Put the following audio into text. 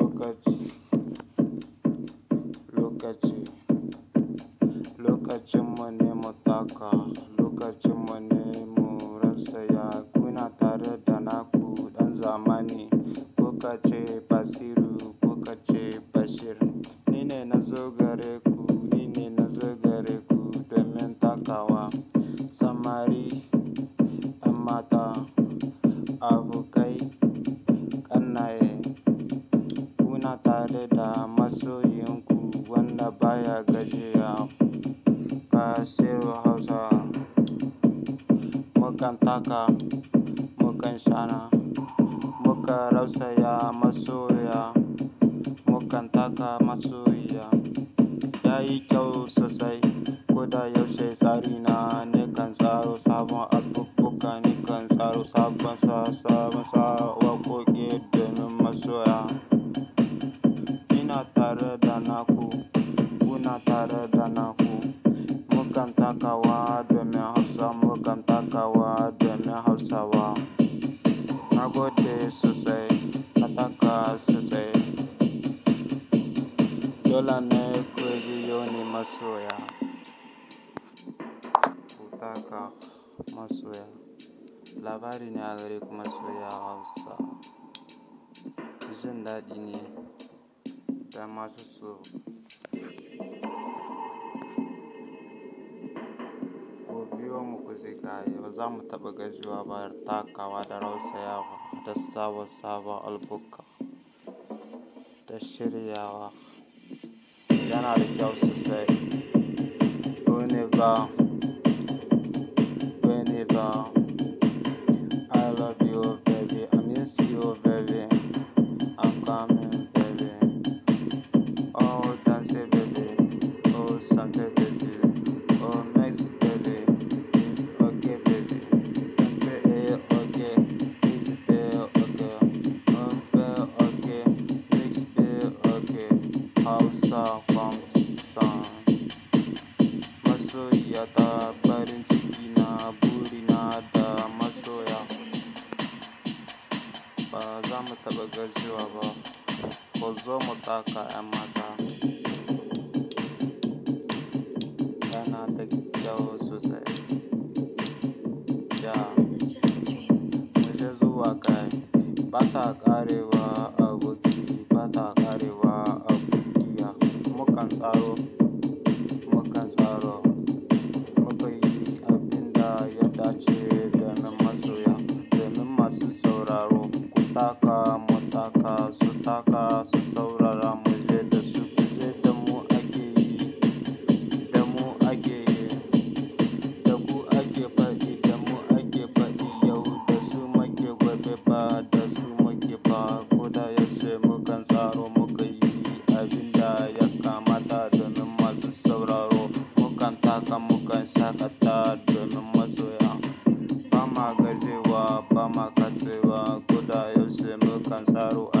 lokaci, lokaci, lokacin mu ne mu taka, lokacin mu ne mu Kuna tare da naku ɗan zamani, ko ka Basiru ko ka ce Bashir. Ni ne na zo gare ku, ni ne na zo gare ku domin takawa. Samari, 'yan mata, abokan. da masoyinku wanda baya gajiya. Tasiru Hausa. Mukan taka, mukan shana, muka rausaya masoya, mukan taka masoya. ya yi kyau sosai, ko da yaushe tsarina ne kan tsaro sabon abubuwa, ne kan tsaro sabon sa, sabon sa waƙoƙi domin masoya. kuna tare da naku kuna tare da naku mukan takawa domin hausa mukan takawa domin hausawa na gode sosai ka taka sosai dole ne ku biyo ni masoya ku taka masoya labari ne a gare ku masoya hausa jin daɗi ne That much is slow. Gobe mu ku zigaya ba za mu taɓa gajiwa ba da takawa da rausayawa da sabon sabon albuka da sabon ta farin ciki na burina da masoya ba za mu taɓa gajiwa ba Ko zo mu taka 'yan mata yana da kyau sosai ya mu zuwa kai ba ta ƙarewa a আৰু ba ma gajewa ba ma katsewa ko da yaushe mukan